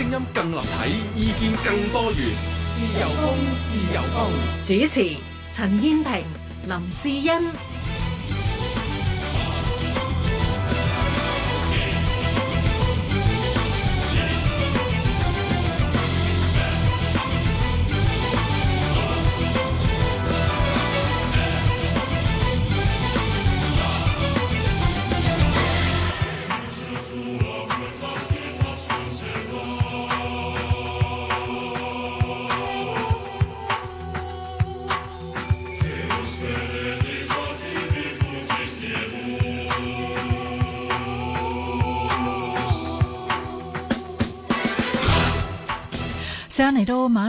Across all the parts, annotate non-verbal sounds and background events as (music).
聲音更立體，意見更多元。自由風，自由風。主持：陳燕萍、林志欣。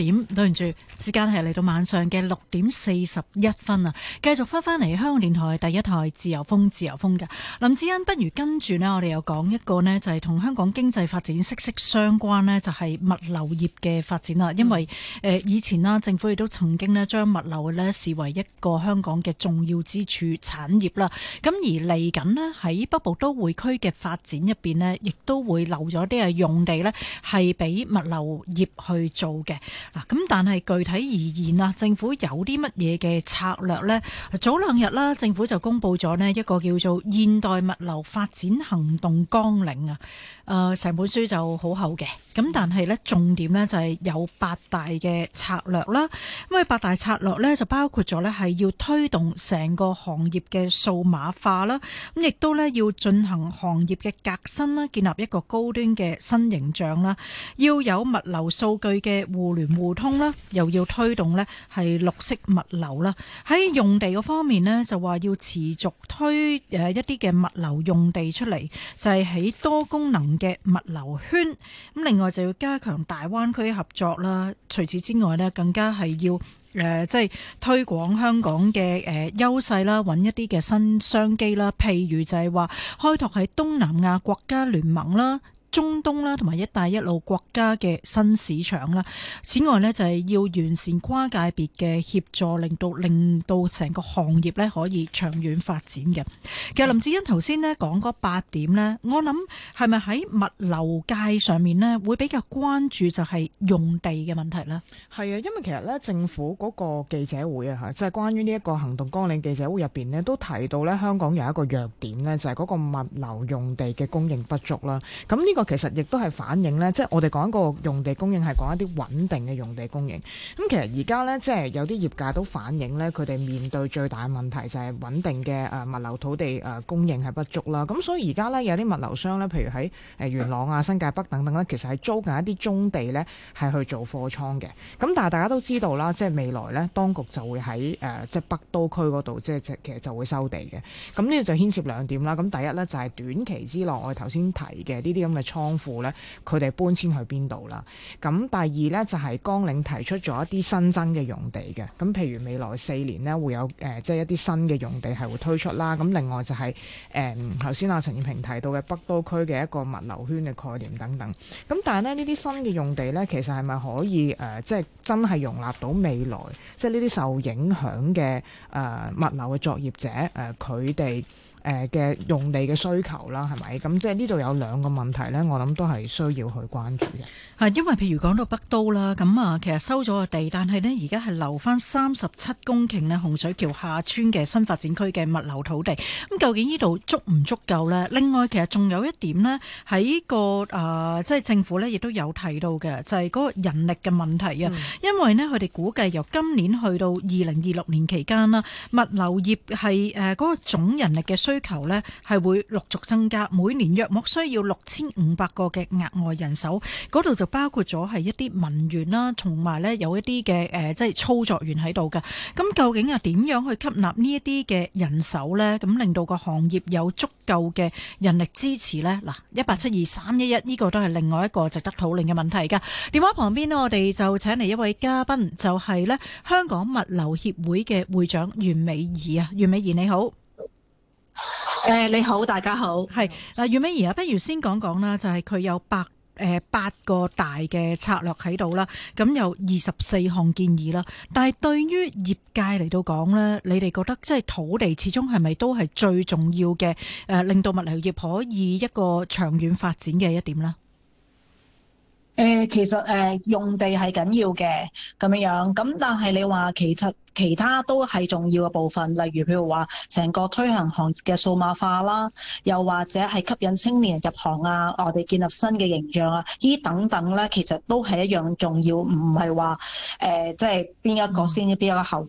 點，對唔住，時間係嚟到晚上嘅六點四十一分啊！繼續翻翻嚟香港電台第一台自由風《自由風》，自由風嘅林志恩，不如跟住呢。我哋又講一個呢，就係同香港經濟發展息息相關呢，就係物流業嘅發展啦。嗯、因為以前啦，政府亦都曾經呢將物流呢視為一個香港嘅重要支柱產業啦。咁而嚟緊呢，喺北部都會區嘅發展入面呢，亦都會留咗啲嘅用地呢，係俾物流業去做嘅。嗱，咁但係具體而言啊，政府有啲乜嘢嘅策略呢？早兩日啦，政府就公布咗呢一個叫做現代物流發展行動綱領啊。誒成本書就好厚嘅，咁但係呢重點呢就係有八大嘅策略啦。咁啊八大策略呢就包括咗呢係要推動成個行業嘅數碼化啦，咁亦都呢要進行行業嘅革新啦，建立一個高端嘅新形象啦。要有物流數據嘅互聯互通啦，又要推動呢係綠色物流啦。喺用地嘅方面呢就話要持續推誒一啲嘅物流用地出嚟，就係喺多功能。嘅物流圈咁，另外就要加強大灣區合作啦。除此之外呢，更加係要誒即係推廣香港嘅誒優勢啦，揾一啲嘅新商機啦。譬如就係話開拓喺東南亞國家聯盟啦。中東啦，同埋一帶一路國家嘅新市場啦。此外呢，就係要完善跨界別嘅協助，令到令到成個行業咧可以長遠發展嘅。其實林志欣頭先咧講嗰八點咧，我諗係咪喺物流界上面咧會比較關注就係用地嘅問題咧？係啊，因為其實咧政府嗰個記者會啊，吓，即係關於呢一個行動綱領記者會入邊咧，都提到咧香港有一個弱點咧，就係、是、嗰個物流用地嘅供應不足啦。咁呢、這個。其實亦都係反映咧，即係我哋講一個用地供應係講一啲穩定嘅用地供應。咁其實而家咧，即係有啲業界都反映咧，佢哋面對最大嘅問題就係穩定嘅誒物流土地誒供應係不足啦。咁所以而家咧有啲物流商咧，譬如喺誒元朗啊、新界北等等咧，其實係租緊一啲棕地咧，係去做貨倉嘅。咁但係大家都知道啦，即係未來咧，當局就會喺誒即係北都區嗰度，即係其實就會收地嘅。咁呢度就牽涉兩點啦。咁第一咧就係短期之內，我哋頭先提嘅呢啲咁嘅倉庫咧，佢哋搬遷去邊度啦？咁第二咧就係、是、江嶺提出咗一啲新增嘅用地嘅，咁譬如未來四年呢，會有誒、呃，即係一啲新嘅用地係會推出啦。咁另外就係誒頭先阿陳燕平提到嘅北都區嘅一個物流圈嘅概念等等。咁但係咧，呢啲新嘅用地咧，其實係咪可以誒、呃，即係真係容納到未來即係呢啲受影響嘅誒、呃、物流嘅作業者誒佢哋？呃他們誒嘅用地嘅需求啦，係咪？咁即係呢度有兩個問題咧，我諗都係需要去關注嘅。啊，因為譬如講到北都啦，咁啊，其實收咗個地，但係咧而家係留翻三十七公頃咧洪水橋下村嘅新發展區嘅物流土地，咁究竟這裡足不足呢度足唔足夠咧？另外，其實仲有一點咧、這個，喺個啊，即係政府咧亦都有提到嘅，就係、是、嗰個人力嘅問題啊。嗯、因為咧，佢哋估計由今年去到二零二六年期間啦，物流業係誒嗰個總人力嘅。需求呢係會陸續增加，每年約莫需要六千五百個嘅額外人手，嗰度就包括咗係一啲文員啦，同埋呢有一啲嘅誒，即係操作員喺度噶咁究竟啊，點樣去吸納呢一啲嘅人手呢？咁令到個行業有足夠嘅人力支持呢？嗱，一八七二三一一呢個都係另外一個值得討論嘅問題噶電話旁邊呢，我哋就請嚟一位嘉賓，就係呢香港物流協會嘅會長袁美儀啊，袁美儀你好。誒、呃，你好，大家好。係嗱，袁美儀啊，不如先講講啦，就係、是、佢有八誒八個大嘅策略喺度啦，咁有二十四項建議啦。但係對於業界嚟到講咧，你哋覺得即係土地始終係咪都係最重要嘅誒，令到物流業可以一個長遠發展嘅一點呢？誒，其實誒用地係緊要嘅，咁樣樣，咁但係你話其實其他都係重要嘅部分，例如譬如話成個推行行業嘅數碼化啦，又或者係吸引青年人入行啊，我哋建立新嘅形象啊，呢等等咧，其實都係一樣重要，唔係話誒即係邊一個先邊一個後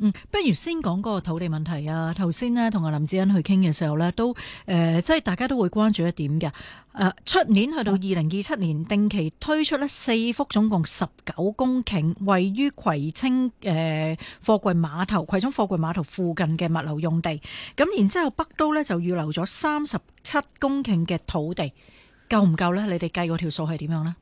嗯，不如先講個土地問題啊。頭先呢，同阿林志恩去傾嘅時候呢，都誒、呃，即係大家都會關注一點嘅。誒，出年去到二零二七年，定期推出呢四幅總共十九公頃，位於葵青誒貨櫃碼頭、葵涌貨櫃碼頭附近嘅物流用地。咁然之後北都呢就預留咗三十七公頃嘅土地，夠唔夠呢？你哋計嗰條數係點樣呢？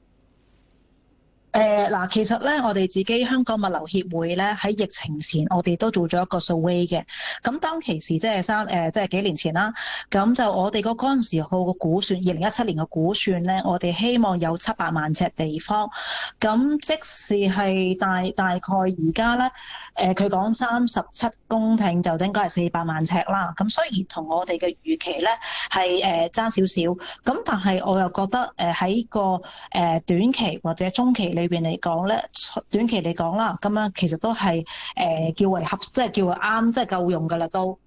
嗱、呃，其實咧，我哋自己香港物流協會咧喺疫情前，我哋都做咗一個 survey 嘅。咁當其時即係三、呃、即係幾年前啦。咁就我哋嗰陣時候個估算，二零一七年嘅估算咧，我哋希望有七百萬尺地方。咁即使係大大概而家咧，佢講三十七公頃，就應該係四百萬尺啦。咁雖然同我哋嘅預期咧係誒爭少少，咁、呃、但係我又覺得喺、呃、個短期或者中期你邊嚟講咧，短期嚟講啦，咁樣其實都係誒較為合，即係較為啱，即係夠用噶啦都。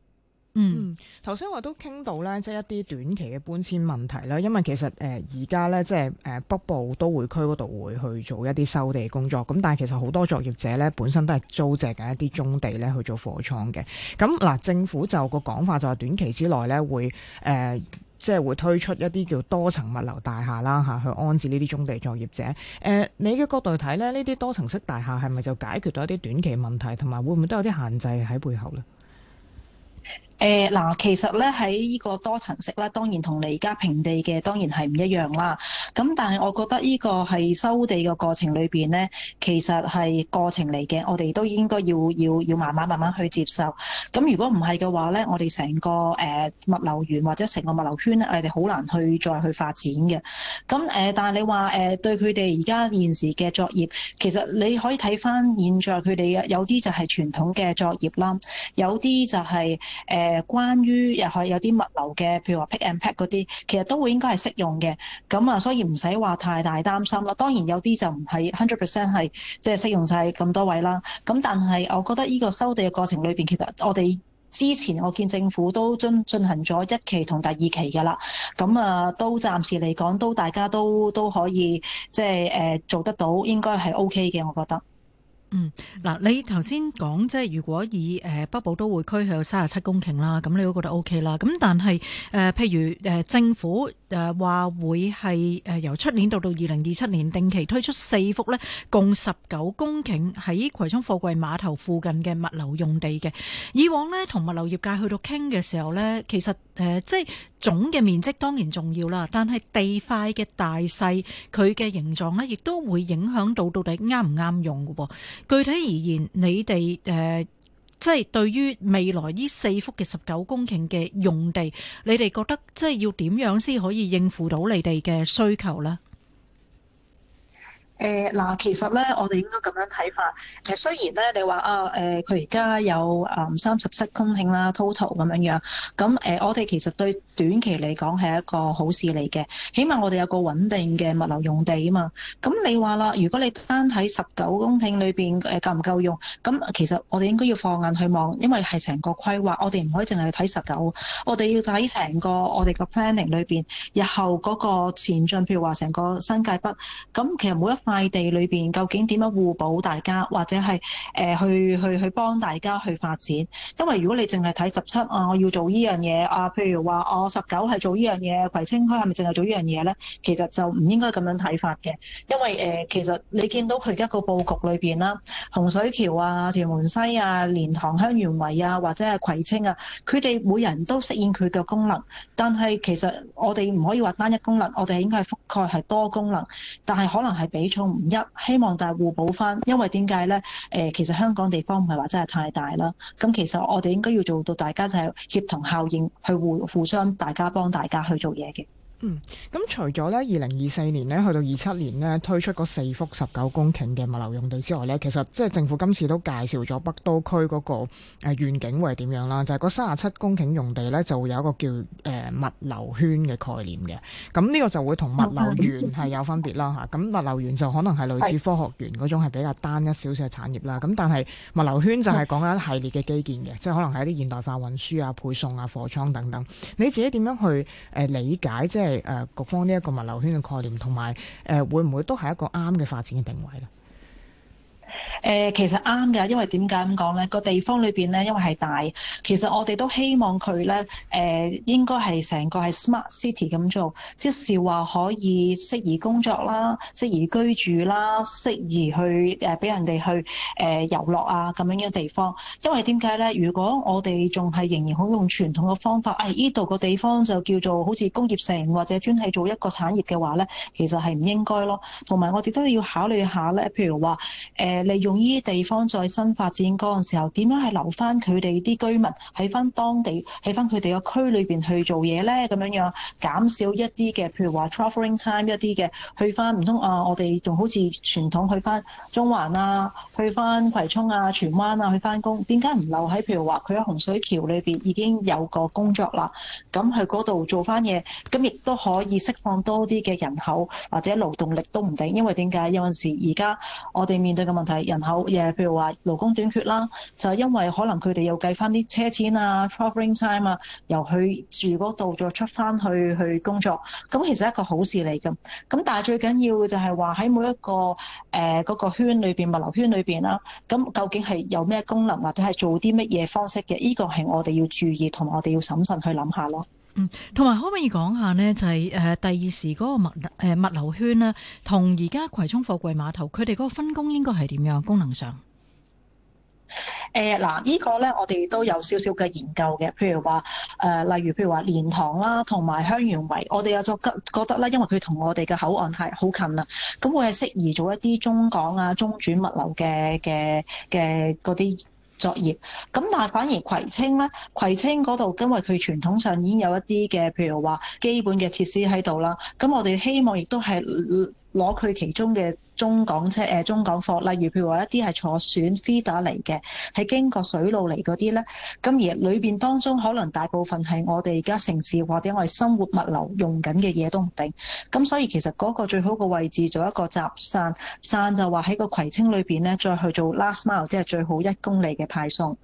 嗯，頭先、嗯、我都傾到咧，即係一啲短期嘅搬遷問題啦。因為其實誒而家咧，即係誒、呃、北部都會區嗰度會去做一啲收地工作。咁但係其實好多作業者咧，本身都係租借緊一啲棕地咧去做貨倉嘅。咁嗱、呃，政府就個講法就係短期之內咧會誒。呃即係會推出一啲叫多層物流大廈啦嚇，去安置呢啲中地作業者。誒、呃，你嘅角度睇呢，呢啲多層式大廈係咪就解決咗一啲短期問題，同埋會唔會都有啲限制喺背後呢？誒嗱，其實咧喺呢個多層式咧，當然同你而家平地嘅當然係唔一樣啦。咁但係我覺得呢個係收地嘅過程裏面咧，其實係過程嚟嘅，我哋都應該要要要慢慢慢慢去接受。咁如果唔係嘅話咧，我哋成個誒物流園或者成個物流圈咧，我哋好難去再去發展嘅。咁誒，但係你話誒對佢哋而家現時嘅作業，其實你可以睇翻現在佢哋有啲就係傳統嘅作業啦，有啲就係誒誒，關於入去有啲物流嘅，譬如話 pick and pack 嗰啲，其實都會應該係適用嘅。咁啊，所以唔使話太大擔心啦。當然有啲就唔係 hundred percent 係即係適用晒咁多位啦。咁但係我覺得呢個收地嘅過程裏邊，其實我哋之前我見政府都進進行咗一期同第二期㗎啦。咁啊，都暫時嚟講都大家都都可以即係誒做得到，應該係 OK 嘅，我覺得。嗯，嗱，你頭先講即係如果以誒北部都會區係有三十七公頃啦，咁你都覺得 OK 啦，咁但係誒、呃、譬如誒政府。誒話、呃、會係由出年到到二零二七年定期推出四幅呢，共十九公頃喺葵涌貨櫃碼頭附近嘅物流用地嘅。以往呢，同物流業界去到傾嘅時候呢，其實、呃、即係總嘅面積當然重要啦，但係地塊嘅大細、佢嘅形狀呢，亦都會影響到到底啱唔啱用嘅。具體而言，你哋誒。呃即係對於未來呢四幅嘅十九公頃嘅用地，你哋覺得即係要點樣先可以應付到你哋嘅需求呢？誒，嗱，其實咧，我哋應該咁樣睇法。誒，雖然咧，你話啊，誒，佢而家有誒三十七公頃啦，total 咁樣樣，咁誒，我哋其實對。短期嚟講係一個好事嚟嘅，起碼我哋有個穩定嘅物流用地啊嘛。咁你話啦，如果你單睇十九公頃裏面誒夠唔夠用，咁其實我哋應該要放眼去望，因為係成個規劃，我哋唔可以淨係睇十九，我哋要睇成個我哋個 planning 裏面，日後嗰個前進，譬如話成個新界北，咁其實每一塊地裏面究竟點樣互補大家，或者係、呃、去去去幫大家去發展。因為如果你淨係睇十七啊，我要做呢樣嘢啊，譬如話我。啊十九係做依樣嘢，葵青區係咪淨係做依樣嘢咧？其實就唔應該咁樣睇法嘅，因為、呃、其實你見到佢一個佈局裏面啦，洪水橋啊、屯門西啊、蓮塘香園圍啊，或者係葵青啊，佢哋每人都適應佢嘅功能，但係其實我哋唔可以話單一功能，我哋應該係覆蓋係多功能，但係可能係比重唔一，希望大係互補翻，因為點解咧？呃、其實香港地方唔係話真係太大啦，咁其實我哋應該要做到大家就係協同效應，去互互相。大家幫大家去做嘢嘅。嗯，咁除咗咧，二零二四年咧，去到二七年咧，推出嗰四幅十九公頃嘅物流用地之外咧，其實即係政府今次都介紹咗北都區嗰個誒願景會係點樣啦，就係嗰三十七公頃用地咧，就會有一個叫誒物流圈嘅概念嘅。咁呢個就會同物流園係有分別啦吓，咁 (laughs) 物流園就可能係類似科學園嗰種係比較單一少少嘅產業啦。咁但係物流圈就係講緊一系列嘅基建嘅， (laughs) 即係可能係一啲現代化運輸啊、配送啊、貨倉等等。你自己點樣去誒理解即係。誒，局方呢一個物流圈嘅概念，同埋誒，會唔會都係一個啱嘅發展嘅定位咧？誒、呃、其實啱㗎，因為點解咁講咧？個地方裏邊咧，因為係大，其實我哋都希望佢咧，誒、呃、應該係成個係 smart city 咁做，即是話可以適宜工作啦，適宜居住啦，適宜去誒俾、呃、人哋去誒、呃、遊樂啊咁樣嘅地方。因為點解咧？如果我哋仲係仍然好用傳統嘅方法，誒依度個地方就叫做好似工業城或者專係做一個產業嘅話咧，其實係唔應該咯。同埋我哋都要考慮下咧，譬如話誒、呃利用呢啲地方再新發展嗰陣時候，點樣係留翻佢哋啲居民喺翻當地，喺翻佢哋個區裏面去做嘢咧？咁樣樣減少一啲嘅，譬如話 travelling time 一啲嘅去翻，唔通啊？我哋仲好似傳統去翻中環啊，去翻葵涌啊、荃灣啊去翻工，點解唔留喺譬如話佢喺洪水橋裏面已經有個工作啦？咁去嗰度做翻嘢，咁亦都可以釋放多啲嘅人口或者勞動力都唔定，因為點解有陣時而家我哋面對嘅問？人口，譬如話勞工短缺啦，就係因為可能佢哋又計翻啲車錢啊、traveling time 啊，由佢住嗰度再出翻去去工作，咁其實係一個好事嚟嘅。咁但係最緊要就係話喺每一個誒嗰、呃嗰個圈裏邊、物流圈裏邊啦，咁究竟係有咩功能或者係做啲乜嘢方式嘅？呢個係我哋要注意同埋我哋要審慎去諗下咯。同埋可唔可以講下呢？就係誒，第二時嗰個物誒物流圈咧，同而家葵涌貨櫃碼頭，佢哋嗰個分工應該係點樣？功能上誒，嗱、呃，呢個、呢，個咧，我哋都有少少嘅研究嘅，譬如話誒，例、呃、如譬如話蓮塘啦，同埋香園圍，我哋有就覺得啦，因為佢同我哋嘅口岸係好近啊，咁我係適宜做一啲中港啊、中轉物流嘅嘅嘅嗰啲。作業，咁但係反而葵青咧，葵青嗰度因為佢傳統上已經有一啲嘅，譬如話基本嘅設施喺度啦，咁我哋希望亦都係。攞佢其中嘅中港車中港貨，例如譬如話一啲係坐船 feeder 嚟嘅，係經過水路嚟嗰啲咧，咁而裏面當中可能大部分係我哋而家城市或者我哋生活物流用緊嘅嘢都唔定，咁所以其實嗰個最好嘅位置做一個集散，散就話喺個葵青裏面咧再去做 last mile，即係最後一公里嘅派送。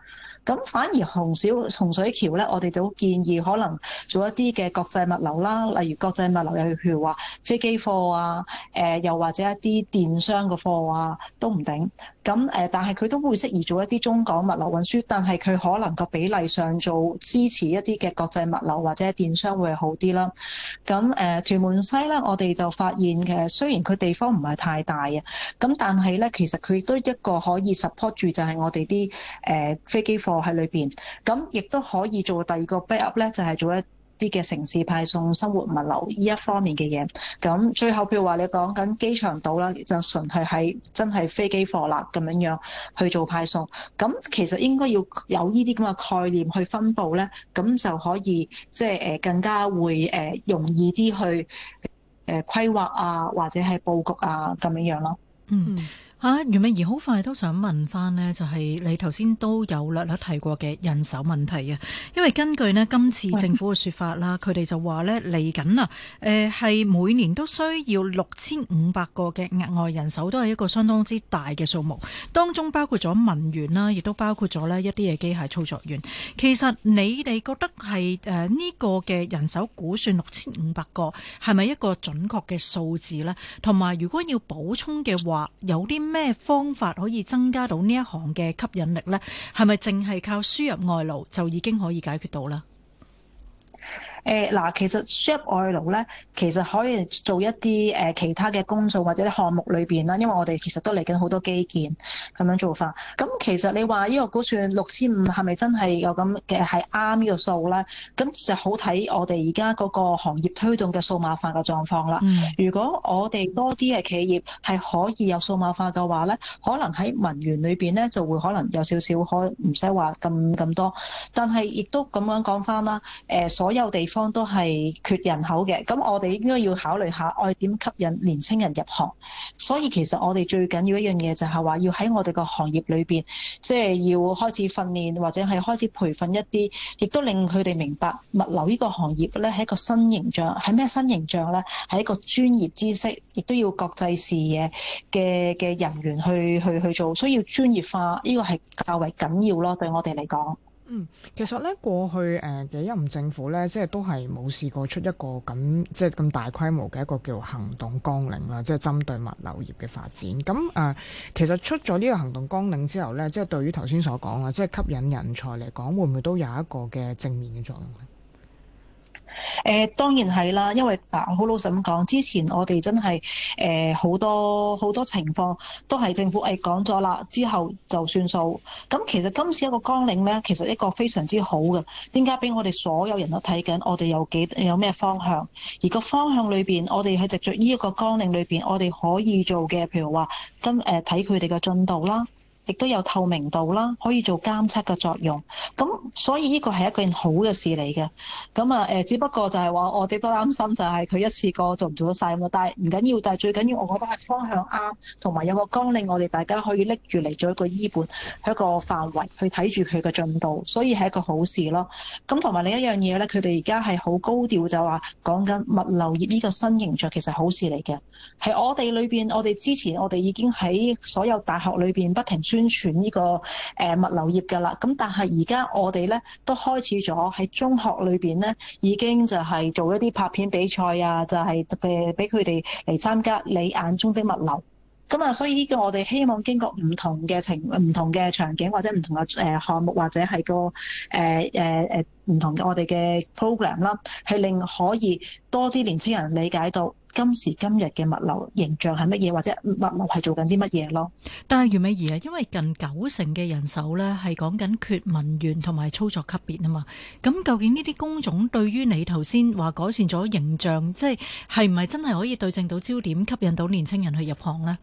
咁反而紅小紅水橋咧，我哋都建議可能做一啲嘅國際物流啦，例如國際物流又去譬如話飛機貨啊、呃，又或者一啲電商嘅貨啊都唔定。咁誒，但係佢都會適宜做一啲中港物流運輸，但係佢可能個比例上做支持一啲嘅國際物流或者電商會好啲啦。咁誒，屯門西咧，我哋就發現其實雖然佢地方唔係太大啊，咁但係咧其實佢亦都一個可以 support 住，就係我哋啲誒飛機貨。喺裏邊，咁亦都可以做第二個 backup 咧，就係做一啲嘅城市派送、生活物流呢一方面嘅嘢。咁最後譬如話你講緊機場島啦，就純係喺真係飛機貨啦，咁樣樣去做派送。咁其實應該要有呢啲咁嘅概念去分佈咧，咁就可以即係誒更加會誒容易啲去誒規劃啊，或者係布局啊咁樣樣咯。嗯。啊，袁美儀，好快都想問翻咧，就係、是、你頭先都有略略提過嘅人手問題啊。因為根據咧今次政府嘅說法啦，佢哋 (laughs) 就話咧嚟緊啊，誒係、呃、每年都需要六千五百個嘅額外人手，都係一個相當之大嘅數目。當中包括咗文員啦，亦都包括咗咧一啲嘅機械操作員，其實你哋覺得係誒呢個嘅人手估算六千五百個係咪一個準確嘅數字咧？同埋，如果要補充嘅話有啲咩？咩方法可以增加到呢一行嘅吸引力呢？係咪淨係靠輸入外勞就已經可以解決到啦？誒嗱，其實 share 外勞咧，其實可以做一啲誒其他嘅工作或者啲項目裏面啦，因為我哋其實都嚟緊好多基建咁樣做法。咁其實你話呢個估算六千五係咪真係有咁嘅係啱呢個數咧？咁就好睇我哋而家嗰個行業推動嘅數碼化嘅狀況啦。嗯、如果我哋多啲嘅企業係可以有數碼化嘅話咧，可能喺文員裏面咧就會可能有少少可唔使話咁咁多。但係亦都咁樣講翻啦，誒所有地方都係缺人口嘅，咁我哋應該要考慮下，愛點吸引年輕人入行。所以其實我哋最緊要一樣嘢就係話，要喺我哋個行業裏面，即係要開始訓練或者係開始培訓一啲，亦都令佢哋明白物流呢個行業咧係一個新形象，係咩新形象咧？係一個專業知識，亦都要國際視野嘅嘅人員去去去做，所以要專業化，呢個係較為緊要咯，對我哋嚟講。嗯，其實咧過去誒幾任政府咧，即係都係冇試過出一個咁即係咁大規模嘅一個叫行動綱領啦，即係針對物流業嘅發展。咁誒、呃，其實出咗呢個行動綱領之後咧，即係對於頭先所講啦，即係吸引人才嚟講，會唔會都有一個嘅正面嘅作用咧？誒、呃，當然係啦，因為嗱，好、啊、老實咁講，之前我哋真係誒好多好多情況都係政府誒講咗啦之後就算數。咁其實今次一個綱領咧，其實一個非常之好嘅，點解俾我哋所有人都睇緊？我哋有幾有咩方向？而個方向裏邊，我哋喺直著呢一個綱領裏邊，我哋可以做嘅，譬如話跟誒睇佢哋嘅進度啦。亦都有透明度啦，可以做監測嘅作用。咁所以呢個係一件好嘅事嚟嘅。咁啊誒只不過就係話，我哋都擔心就係佢一次過做唔做得晒咁咯。但係唔緊要，但係最緊要我覺得係方向啱，同埋有個綱領，我哋大家可以拎住嚟做一個醫本，係一個範圍去睇住佢嘅進度，所以係一個好事咯。咁同埋另一樣嘢咧，佢哋而家係好高調就話講緊物流業呢個新形象，其實好事嚟嘅，係我哋裏邊，我哋之前我哋已經喺所有大學裏邊不停宣傳呢個誒物流業㗎啦，咁但係而家我哋咧都開始咗喺中學裏邊咧，已經就係做一啲拍片比賽啊，就係誒俾佢哋嚟參加你眼中的物流。咁、嗯、啊，所以呢個我哋希望經過唔同嘅情、唔同嘅場景，或者唔同嘅誒項目，或者係個誒誒誒唔同嘅我哋嘅 program 啦，係令可以多啲年輕人理解到。今時今日嘅物流形象係乜嘢，或者物流係做緊啲乜嘢咯？但係袁美儀啊，因為近九成嘅人手呢，係講緊缺文員同埋操作級別啊嘛，咁究竟呢啲工種對於你頭先話改善咗形象，即係係唔係真係可以對正到焦點，吸引到年輕人去入行呢？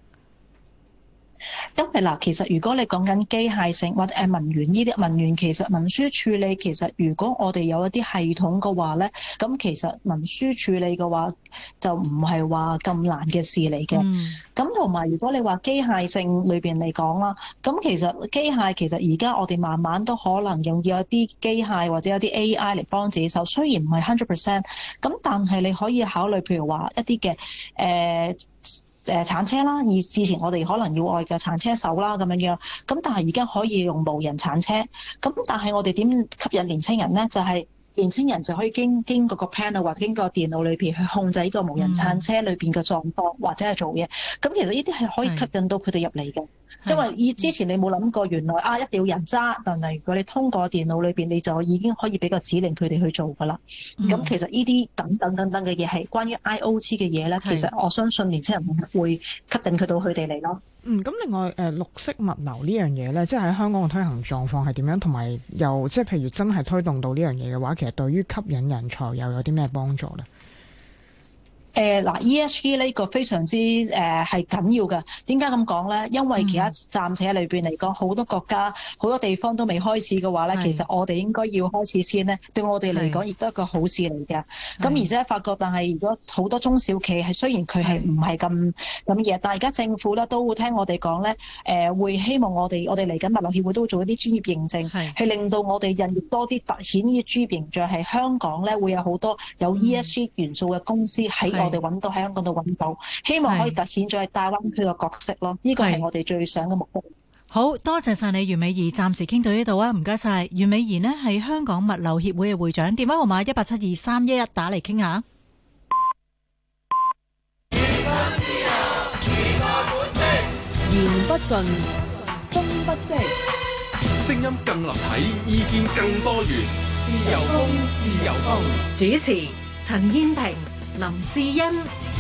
因為嗱，其實如果你講緊機械性或者誒文員呢啲文員，其實文書處理其實如果我哋有一啲系統嘅話咧，咁其實文書處理嘅話就唔係話咁難嘅事嚟嘅。咁同埋如果你話機械性裏邊嚟講啦，咁其實機械其實而家我哋慢慢都可能用一啲機械或者有啲 AI 嚟幫自己手，雖然唔係 hundred percent，咁但係你可以考慮譬如話一啲嘅誒。呃誒鏟車啦，而之前我哋可能要愛嘅鏟車手啦咁樣樣，咁但係而家可以用無人鏟車，咁但係我哋點吸引年輕人咧？就係、是。年青人就可以經經過個 panel 或者經過電腦裏邊去控制呢個無人撐車裏面嘅狀況，嗯、或者係做嘢。咁其實呢啲係可以吸引到佢哋入嚟嘅，是因為之前你冇諗過，原來啊一定要人揸，但係如果你通過電腦裏面，你就已經可以俾個指令佢哋去做㗎啦。咁、嗯、其實呢啲等等等等嘅嘢係關於 IoT 嘅嘢咧，其實我相信年青人會吸引佢到佢哋嚟咯。嗯，咁另外，呃，綠色物流呢樣嘢咧，即係喺香港嘅推行狀況係點樣，同埋又即係譬如真係推動到呢樣嘢嘅話，其實對於吸引人才又有啲咩幫助咧？誒嗱，E S G 呢個非常之誒係緊要嘅。點解咁講咧？因為其他暫且喺裏邊嚟講，好多國家、好多地方都未開始嘅話咧，其實我哋應該要開始先咧。對我哋嚟講，亦都係一個好事嚟嘅。咁而且發覺，但係如果好多中小企係雖然佢係唔係咁咁嘢，但係而家政府咧都會聽我哋講咧，誒會希望我哋我哋嚟緊物流協會都會做一啲專業認證，係令到我哋人越多啲突顯於 G 形象，係香港咧會有好多有 E S G 元素嘅公司係。是我哋揾到喺香港度揾到，希望可以突顯咗喺大灣區嘅角色咯。呢個係我哋最想嘅目標。好多謝晒你，袁美儀。暫時傾到呢度啊，唔該晒，袁美儀呢，係香港物流協會嘅會長，電話號碼 11, 一八七二三一一，打嚟傾下。言不盡，風不息，聲音更立體，意見更多元。自由風，自由風。自由風主持陳燕婷。林志因。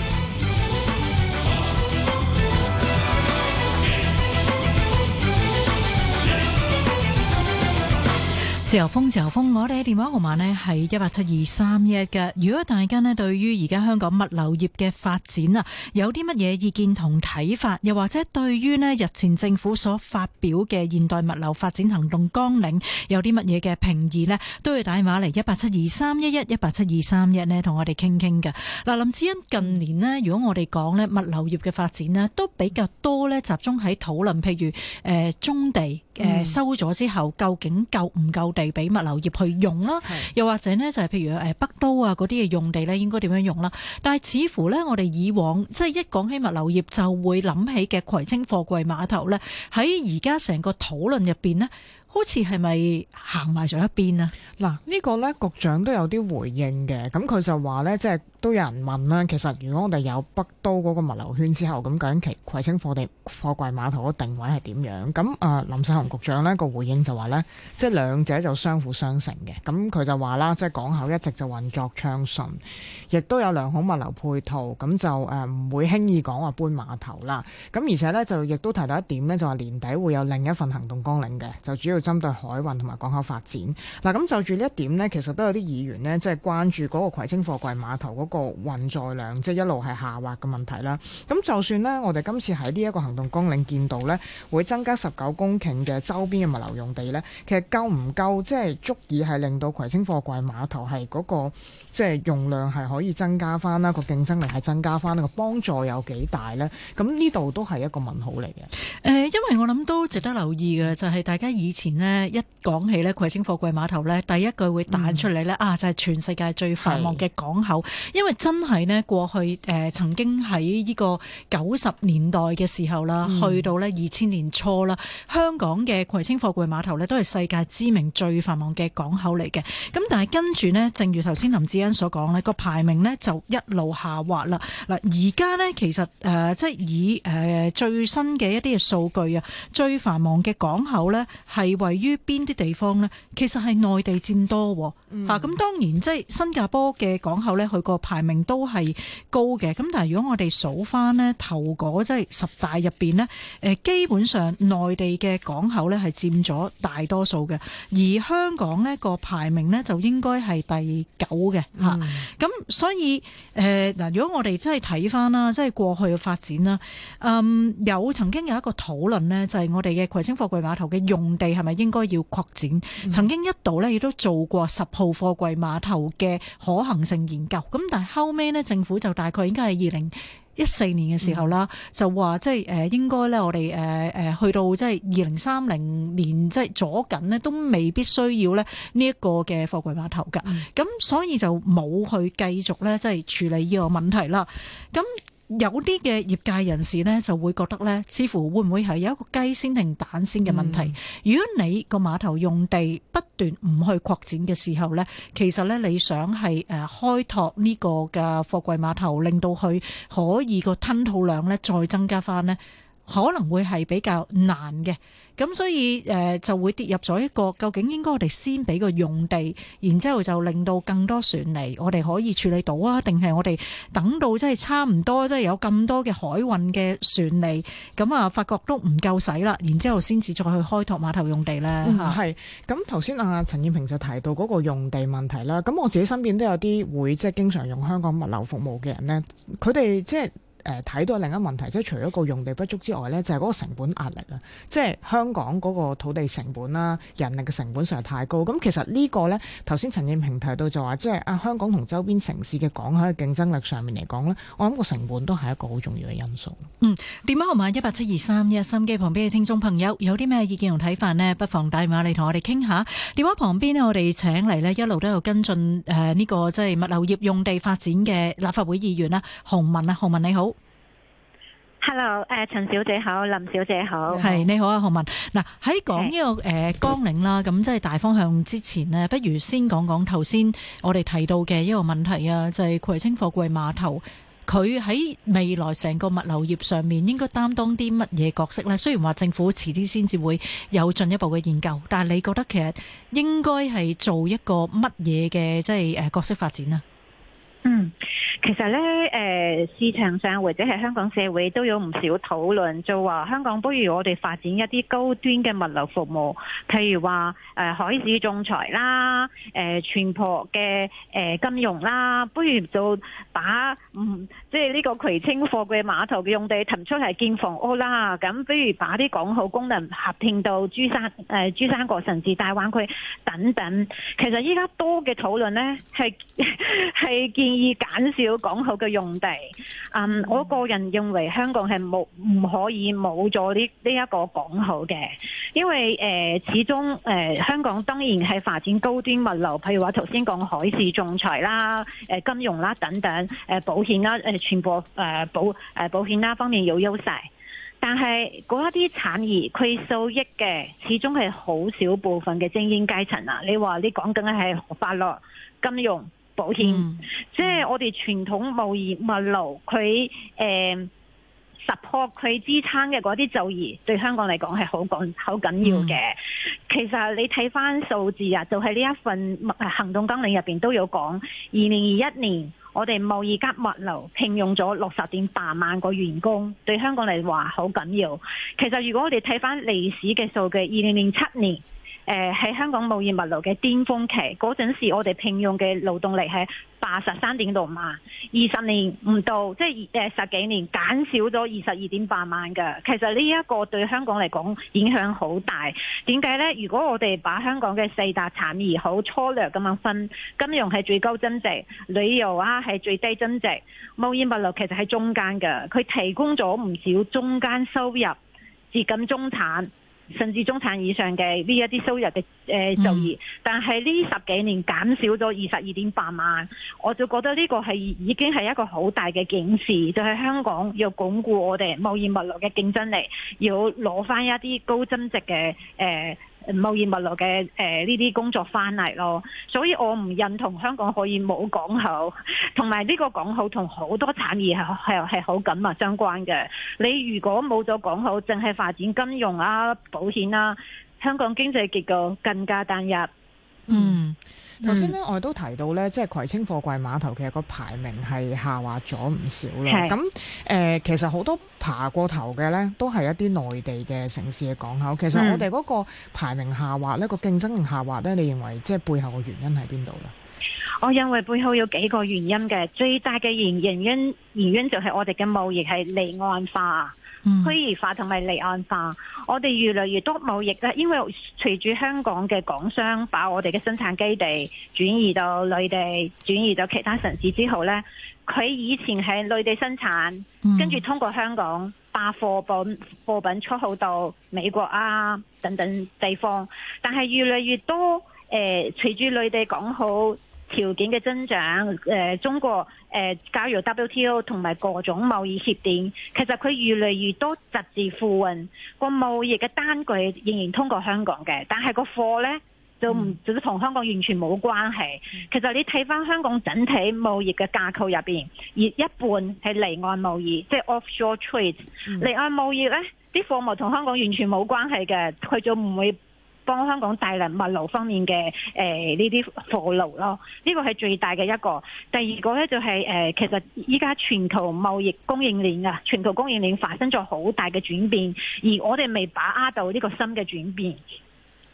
自由風，自由風，我哋嘅電話號碼呢係一八七二三一一嘅。如果大家呢對於而家香港物流業嘅發展啊，有啲乜嘢意見同睇法，又或者對於呢日前政府所發表嘅現代物流發展行動綱領有啲乜嘢嘅評議呢，都要打電話嚟一八七二三一一一八七二三一呢，同我哋傾傾嘅。嗱，林志欣近年呢，如果我哋講呢物流業嘅發展呢，都比較多呢集中喺討論，譬如誒、呃、中地誒、呃、收咗之後，究竟夠唔夠地？俾物流業去用啦，又或者呢，就係譬如誒北都啊嗰啲嘅用地呢，應該點樣用啦？但係似乎呢，我哋以往即係一講起物流業就會諗起嘅葵青貨櫃碼頭呢，喺而家成個討論入邊呢，好似係咪行埋咗一邊啊？嗱，呢個呢，局長都有啲回應嘅，咁佢就話呢，即係都有人問啦。其實如果我哋有北都嗰個物流圈之後，咁究竟葵青貨地貨櫃碼頭嘅定位係點樣？咁誒、呃，林世雄局長呢個回應就話呢，即係兩者就相輔相成嘅。咁佢就話啦，即係港口一直就運作暢順，亦都有良好物流配套，咁就誒唔會輕易講話搬碼頭啦。咁而且呢，就亦都提到一點呢，就話年底會有另一份行動綱領嘅，就主要。針對海運同埋港口發展，嗱，咁就住呢一點呢，其實都有啲議員呢，即係關注嗰個葵青貨櫃碼頭嗰個運載量，即係一路係下滑嘅問題啦。咁就算呢，我哋今次喺呢一個行動綱領見到呢，會增加十九公頃嘅周邊嘅物流用地呢，其實夠唔夠，即係足以係令到葵青貨櫃碼頭係嗰個即係用量係可以增加翻啦，個競爭力係增加翻呢，個幫助有幾大呢？咁呢度都係一個問號嚟嘅。誒，因為我諗都值得留意嘅，就係大家以前。咧一講起咧葵青貨櫃碼頭咧，第一句會彈出嚟咧、嗯、啊，就係、是、全世界最繁忙嘅港口，是因為真係咧過去誒、呃、曾經喺呢個九十年代嘅時候啦，去到咧二千年初啦，嗯、香港嘅葵青貨櫃碼頭咧都係世界知名最繁忙嘅港口嚟嘅。咁但係跟住咧，正如頭先林志恩所講咧，個排名咧就一路下滑啦。嗱，而家咧其實誒、呃、即係以誒、呃、最新嘅一啲數據啊，最繁忙嘅港口咧係，是位於邊啲地方呢？其實係內地占多、啊，吓咁、嗯啊、當然即係新加坡嘅港口咧，佢個排名都係高嘅。咁但係如果我哋數翻呢，頭嗰即係十大入邊呢，誒基本上內地嘅港口咧係佔咗大多數嘅，而香港呢個排名呢，就應該係第九嘅吓。咁、嗯啊、所以誒嗱、呃，如果我哋真係睇翻啦，即係過去嘅發展啦，嗯有曾經有一個討論呢，就係、是、我哋嘅葵青貨櫃碼頭嘅用地係咪？應該要擴展，曾經一度咧亦都做過十號貨櫃碼頭嘅可行性研究，咁但係後尾呢，政府就大概、嗯、應該係二零一四年嘅時候啦，就話即係誒應該咧我哋誒誒去到即係二零三零年即係左緊呢，都未必需要咧呢一個嘅貨櫃碼頭噶，咁、嗯、所以就冇去繼續咧即係處理呢個問題啦，咁。有啲嘅業界人士呢，就會覺得呢，似乎會唔會係有一個雞先定蛋先嘅問題？嗯、如果你個碼頭用地不斷唔去擴展嘅時候呢，其實呢，你想係誒開拓呢個嘅貨櫃碼頭，令到佢可以個吞吐量呢再增加翻呢，可能會係比較難嘅。咁所以、呃、就會跌入咗一個究竟應該我哋先俾個用地，然之後就令到更多船嚟，我哋可以處理到，到啊？定係我哋等到即係差唔多，即係有咁多嘅海運嘅船嚟，咁啊發覺都唔夠使啦，然之後先至再去開拓碼頭用地呢？係、嗯，咁頭先啊陳燕平就提到嗰個用地問題啦。咁我自己身邊都有啲會即係經常用香港物流服務嘅人呢，佢哋即係。誒睇、呃、到另一問題，即係除咗個用地不足之外呢就係、是、嗰個成本壓力啦。即係香港嗰個土地成本啦、人力嘅成本實在太高。咁其實呢個呢，頭先陳燕平提到就話，即係啊香港同周邊城市嘅港口嘅競爭力上面嚟講呢，我諗個成本都係一個好重要嘅因素。嗯，電話號碼一八七二三一，23，收音機旁邊嘅聽眾朋友有啲咩意見同睇法呢？不妨打電話嚟同我哋傾下。電話旁邊呢，我哋請嚟呢一路都有跟進誒呢、呃這個即係物流業用地發展嘅立法會議員啦，洪雯啊，洪雯你好。hello，誒，陳小姐好，林小姐好，係你好啊，洪雯。嗱喺講呢個誒綱領啦，咁即係大方向之前咧，不如先講講頭先我哋提到嘅一個問題啊，就係葵青貨櫃碼頭，佢喺未來成個物流業上面應該擔當啲乜嘢角色咧？雖然話政府遲啲先至會有進一步嘅研究，但係你覺得其實應該係做一個乜嘢嘅即係誒角色發展咧？嗯，其實咧，誒、呃，市場上或者係香港社會都有唔少討論，就話香港不如我哋發展一啲高端嘅物流服務，譬如話誒、呃、海事仲裁啦，誒船舶嘅誒金融啦，不如就把嗯即係呢個葵青貨櫃碼頭嘅用地騰出嚟建房屋啦，咁比如把啲港口功能合併到珠三誒、呃、珠三角甚至大灣區等等。其實依家多嘅討論呢，係係建。以減少港口嘅用地。嗯，我個人認為香港係冇唔可以冇咗呢、呢一個港口嘅，因為誒、呃、始終誒、呃、香港當然係發展高端物流，譬如話頭先講海事仲裁啦、誒、呃、金融啦等等、誒、呃、保險啦、誒全部誒、呃、保誒保險啦方面有優勢，但係嗰一啲產業佢收益嘅始終係好少部分嘅精英階層啊！你話你講緊係法律、金融。保險，嗯、即係我哋傳統貿易物流佢誒 support 佢支撐嘅嗰啲就業，對香港嚟講係好緊好緊要嘅。嗯、其實你睇翻數字啊，就係、是、呢一份行動綱領入邊都有講，二零二一年我哋貿易及物流聘用咗六十點八萬個員工，對香港嚟話好緊要。其實如果我哋睇翻歷史嘅數據，二零零七年。誒喺香港貿易物流嘅巔峰期，嗰陣時我哋聘用嘅勞動力係八十三點六萬，二十年唔到，即係誒十幾年減少咗二十二點八萬嘅。其實呢一個對香港嚟講影響好大。點解呢？如果我哋把香港嘅四大產業好粗略咁樣分，金融係最高增值，旅遊啊係最低增值，貿易物流其實係中間嘅，佢提供咗唔少中間收入，接近中產。甚至中產以上嘅呢一啲收入嘅誒就業，呃嗯、但係呢十幾年減少咗二十二點八萬，我就覺得呢個係已經係一個好大嘅警示，就係、是、香港要鞏固我哋貿易物流嘅競爭力，要攞翻一啲高增值嘅誒。呃貿易物流嘅誒呢啲工作翻嚟咯，所以我唔認同香港可以冇港口，同埋呢個港口同好多產業係係係好緊密相關嘅。你如果冇咗港口，淨係發展金融啊、保險啊，香港經濟結構更加單一。嗯。頭先咧，嗯、我哋都提到咧，即、就、係、是、葵青貨櫃碼頭其實個排名係下滑咗唔少啦。咁誒是、呃，其實好多爬過頭嘅咧，都係一啲內地嘅城市嘅港口。其實我哋嗰個排名下滑呢、那個競爭下滑咧，你認為即係背後嘅原因喺邊度？我認為背後有幾個原因嘅，最大嘅原原因原因就係我哋嘅貿易係離岸化。虛擬化同埋離岸化，我哋越嚟越多貿易咧，因為隨住香港嘅港商把我哋嘅生產基地轉移到內地，轉移到其他城市之後呢，佢以前喺內地生產，跟住通過香港把貨品貨品出口到美國啊等等地方，但係越嚟越多誒，隨住內地港口條件嘅增長，誒、呃，中國。誒，加入 WTO 同埋各種貿易協定，其實佢越嚟越多直至付運個貿易嘅單據仍然通過香港嘅，但係個貨呢就唔就同香港完全冇關係。其實你睇翻香港整體貿易嘅架構入邊，而一半係離岸貿易，即係 offshore trade。嗯、離岸貿易呢啲貨物同香港完全冇關係嘅，佢就唔會。幫香港帶嚟物流方面嘅誒呢啲貨流咯，呢個係最大嘅一個。第二個呢、就是，就係誒，其實依家全球貿易供應鏈啊，全球供應鏈發生咗好大嘅轉變，而我哋未把握到呢個新嘅轉變。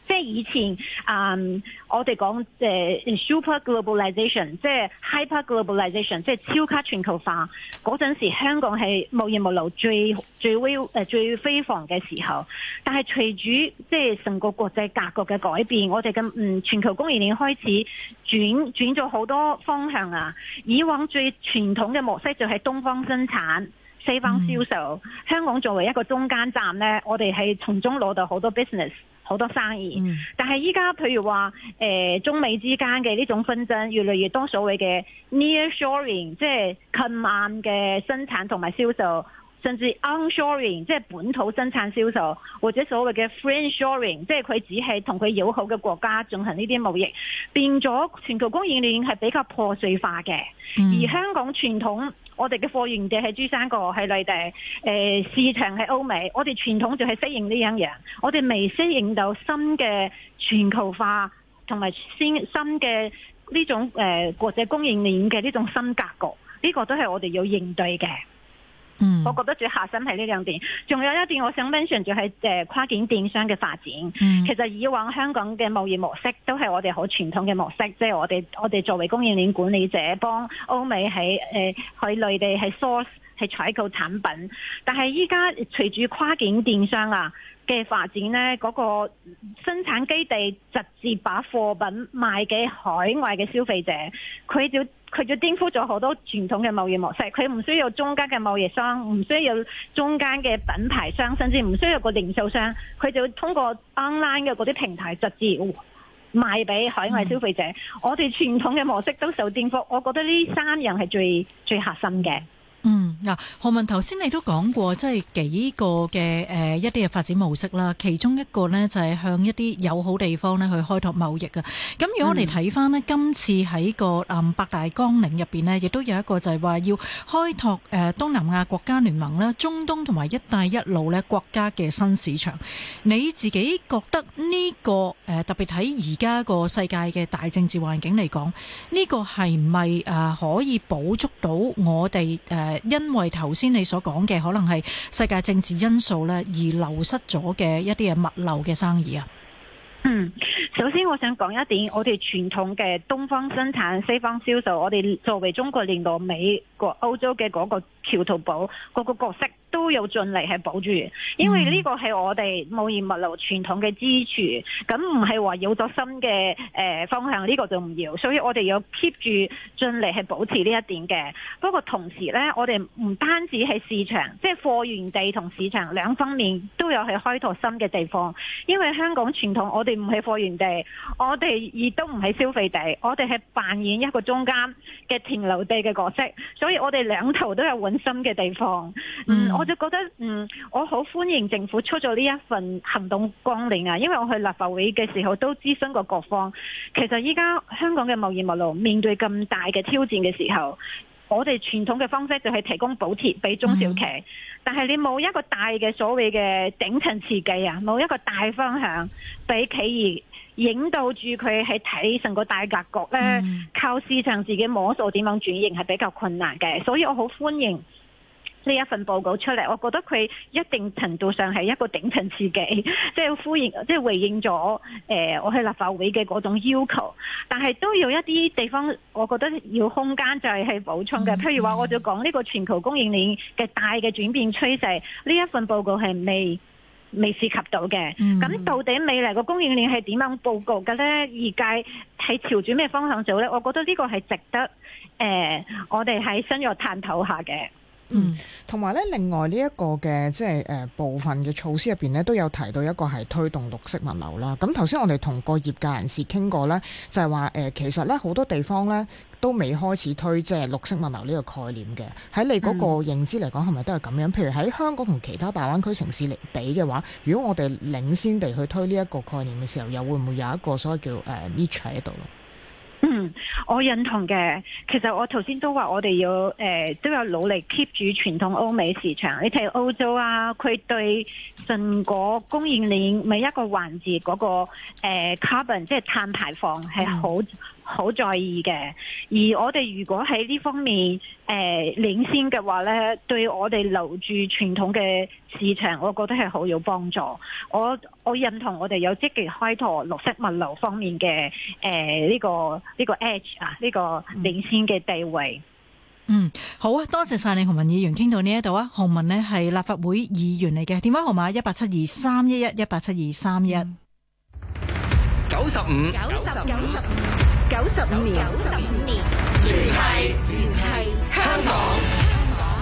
即係以前啊，um, 我哋講誒、uh, super globalization 即係 hyper globalization 即係超級全球化嗰陣時，香港係貿易物流最最威誒最輝煌嘅時候。但係隨住即係成個國際格局嘅改變，我哋嘅嗯全球供應鏈開始轉轉咗好多方向啊！以往最傳統嘅模式就係東方生產西方銷售，香港作為一個中間站呢，我哋係從中攞到好多 business，好多生意。但係依家譬如話、呃，中美之間嘅呢種紛爭，越嚟越多所謂嘅 nearshoring，即係近岸嘅生產同埋銷售，甚至 onshoring，即係本土生產銷售，或者所謂嘅 friendshoring，即係佢只係同佢友好嘅國家進行呢啲貿易，變咗全球供應鏈係比較破碎化嘅。而香港傳統。我哋嘅貨源地係珠三角，係內地，誒、呃、市場係歐美。我哋傳統就係適應呢樣嘢，我哋未適應到新嘅全球化同埋新新嘅呢種誒國際供應鏈嘅呢種新格局，呢、這個都係我哋要應對嘅。嗯， (noise) 我覺得最核心係呢兩點，仲有一點我想 mention 就係誒跨境電商嘅發展。嗯，其實以往香港嘅貿易模式都係我哋好傳統嘅模式，即係我哋我哋作為供應鏈管理者，幫歐美喺誒去內地係 source 係採購產品。但係依家隨住跨境電商啊嘅發展，呢個生產基地直接把貨品賣給海外嘅消費者，佢就。佢就顛覆咗好多傳統嘅貿易模式，佢唔需要中間嘅貿易商，唔需要中間嘅品牌商，甚至唔需要個零售商，佢就通過 online 嘅嗰啲平台直接賣俾海外消費者。我哋傳統嘅模式都受顛覆，我覺得呢三樣係最最核心嘅。嗯，嗱，洪雯，頭先你都講過，即係幾個嘅誒、呃、一啲嘅發展模式啦，其中一個咧就係、是、向一啲友好地方咧去開拓貿易啊。咁如果我哋睇翻咧，嗯、今次喺、這個誒八、嗯、大綱領入邊咧，亦都有一個就係話要開拓誒、呃、東南亞國家聯盟啦，中東同埋一帶一路咧國家嘅新市場。你自己覺得呢、這個誒、呃、特別睇而家個世界嘅大政治環境嚟講，呢、這個係唔係誒可以捕捉到我哋誒？呃因為頭先你所講嘅可能係世界政治因素咧，而流失咗嘅一啲物流嘅生意啊。嗯，首先我想講一點，我哋傳統嘅東方生產，西方銷售，我哋作為中國連絡美國、歐洲嘅嗰個橋頭堡，嗰個角色。都有盡力係保住，因為呢個係我哋貿易物流傳統嘅支柱，咁唔係話有咗新嘅誒方向，呢、呢個就唔要。所以我哋要 keep 住盡力係保持呢一點嘅。不過同時呢，我哋唔單止係市場，即係貨源地同市場兩方面都有係開拓新嘅地方。因為香港傳統，我哋唔係貨源地，我哋亦都唔係消費地，我哋係扮演一個中間嘅停留地嘅角色。所以我哋兩頭都有搵新嘅地方。嗯。我就覺得嗯，我好歡迎政府出咗呢一份行動綱領啊！因為我去立法會嘅時候都諮詢過各方，其實依家香港嘅貿易物流面對咁大嘅挑戰嘅時候，我哋傳統嘅方式就係提供補貼俾中小企，嗯、但係你冇一個大嘅所謂嘅頂層設計啊，冇一個大方向俾企業引導住佢喺睇成個大格局呢，嗯、靠市場自己摸索點樣轉型係比較困難嘅，所以我好歡迎。呢一份報告出嚟，我覺得佢一定程度上係一個頂層設計，即、就、係、是、呼應，即、就、係、是、回應咗誒、呃，我喺立法會嘅嗰種要求。但係都有一啲地方，我覺得要空間就係去補充嘅。譬、嗯、如話，我就講呢個全球供應鏈嘅大嘅轉變趨勢，呢、嗯、一份報告係未未涉及到嘅。咁、嗯、到底未來個供應鏈係點樣報告嘅呢？而家係朝住咩方向做呢？我覺得呢個係值得誒、呃，我哋喺深入探討下嘅。嗯，同埋咧，另外呢一個嘅即係誒部分嘅措施入邊咧，都有提到一個係推動綠色物流啦。咁頭先我哋同個業界人士傾過咧，就係話誒，其實咧好多地方咧都未開始推即係綠色物流呢個概念嘅。喺你嗰個認知嚟講，係咪都係咁樣？嗯、譬如喺香港同其他大灣區城市嚟比嘅話，如果我哋領先地去推呢一個概念嘅時候，又會唔會有一個所謂叫誒、uh, niche 喺度？嗯，我認同嘅。其實我頭先都話，我哋要誒，都有努力 keep 住傳統歐美市場。你睇歐洲啊，佢對整個供應鏈每一個環節嗰個誒、呃、carbon 即係碳排放係好。嗯好在意嘅，而我哋如果喺呢方面誒領先嘅話呢，對我哋留住傳統嘅市場，我覺得係好有幫助。我我認同我哋有積極開拓綠色物流方面嘅，誒呢個呢個 edge 啊，呢個領先嘅地位。嗯，好，多謝晒你洪雯議員，傾到呢一度啊。洪雯呢係立法會議員嚟嘅，電話號碼一八七二三一一一八七二三一九十五九十五，九十五年，九十五年，聯繫聯繫香港。香港，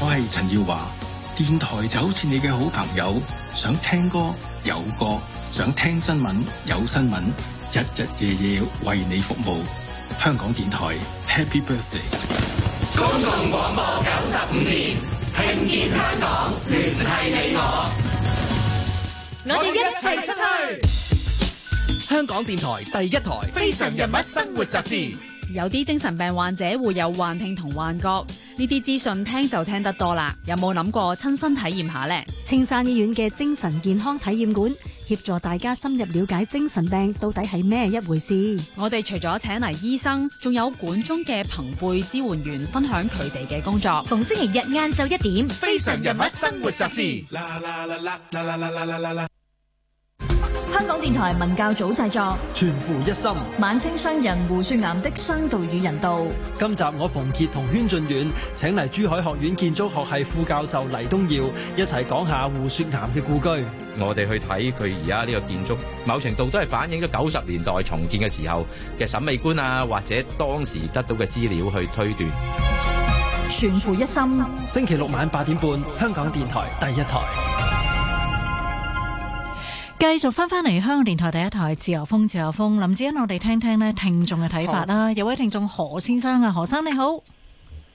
我係陳耀華，電台就好似你嘅好朋友，想聽歌有歌，想聽新聞有新聞，日日夜夜為你服務。香港電台，Happy Birthday！公共廣播九十五年，聽見香港，聯繫你我，我哋一齊出去。香港電台第一台《非常人物生活雜誌》，有啲精神病患者會有幻聽同幻覺，呢啲資訊聽就聽得多啦。有冇諗過親身體驗下呢？青山醫院嘅精神健康體驗館協助大家深入了解精神病到底係咩一回事。我哋除咗請嚟醫生，仲有館中嘅朋輩支援員分享佢哋嘅工作。逢星期日晏晝一點，《非常人物生活雜誌》。香港電台文教組製作，全乎一心。晚清商人胡雪岩的商道與人道。今集我馮傑同軒俊遠，請嚟珠海學院建築學系副教授黎東耀一齊講下胡雪岩嘅故居。我哋去睇佢而家呢個建築，某程度都係反映咗九十年代重建嘅時候嘅審美觀啊，或者當時得到嘅資料去推斷。全乎一心。星期六晚八點半，香港電台第一台。繼續翻返嚟香港電台第一台自由風，自由風。林志欣，我哋聽聽咧聽眾嘅睇法啦。好有位聽眾何先生啊，何先生你好。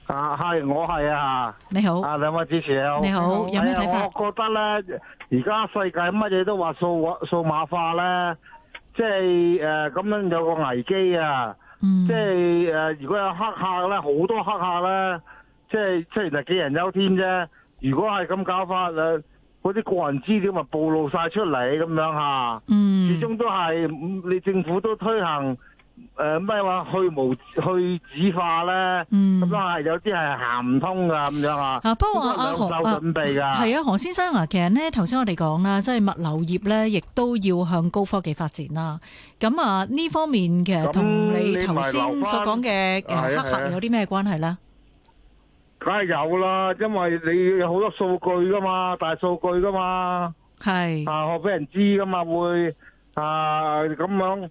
啊，係我係啊，好啊。你好。啊，兩位主持。好，你好。好，有咩睇法？哎？我覺得咧，而家世界乜嘢都話數數碼化咧，即係誒咁樣有個危機啊。即係誒，如果有黑客咧，好多黑客咧，即係即係就杞、是、人憂天啫。如果係咁搞法啊。嗰啲個人資料咪暴露晒出嚟咁樣嚇，始終都係你政府都推行誒咩話去無去紙化咧，咁都係有啲係行唔通噶咁樣啊。啊，不過阿何啊，係啊，何先生啊，其實咧頭先我哋講啦，即係物流業咧，亦都要向高科技發展啦。咁啊，呢方面其實同你頭先所講嘅誒黑客有啲咩關係咧？梗係有啦，因為你有好多數據噶嘛，大數據噶嘛，是啊學俾人知噶嘛，會啊咁樣，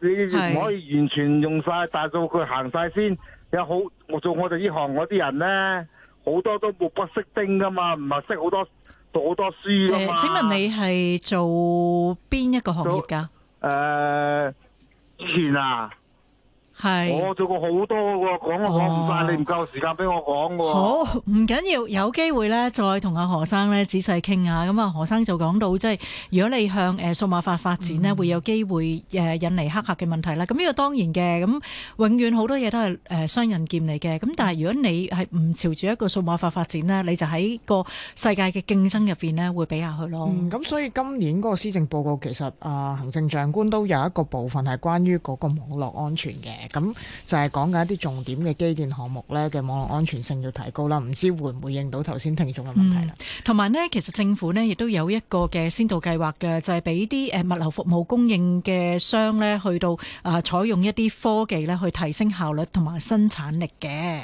你唔可以完全用晒大數據行晒先。有好我做我哋呢行嗰啲人咧，好多都目不識丁噶嘛，唔係識好多讀好多書噶嘛、呃。請問你係做邊一個行業噶？誒，呃、前啊！係，我是、哦、做過好多喎，講但講唔晒，你唔夠時間俾我講喎。好，唔緊要，有機會咧，再同阿何生咧仔細傾下。咁啊，何生就講到，即係如果你向誒數碼化發展呢，嗯、會有機會誒引嚟黑客嘅問題啦。咁呢個當然嘅，咁永遠好多嘢都係誒雙刃劍嚟嘅。咁但係如果你係唔朝住一個數碼化發展呢，你就喺個世界嘅競爭入邊呢，會比下去咯。咁、嗯、所以今年個施政報告其實啊，行政長官都有一個部分係關於嗰個網絡安全嘅。咁就係講緊一啲重點嘅基建項目咧嘅網絡安全性要提高啦，唔知會唔會應到頭先聽眾嘅問題啦。同埋、嗯、呢，其實政府呢亦都有一個嘅先導計劃嘅，就係俾啲誒物流服務供應嘅商咧去到啊，採、呃、用一啲科技咧去提升效率同埋生產力嘅。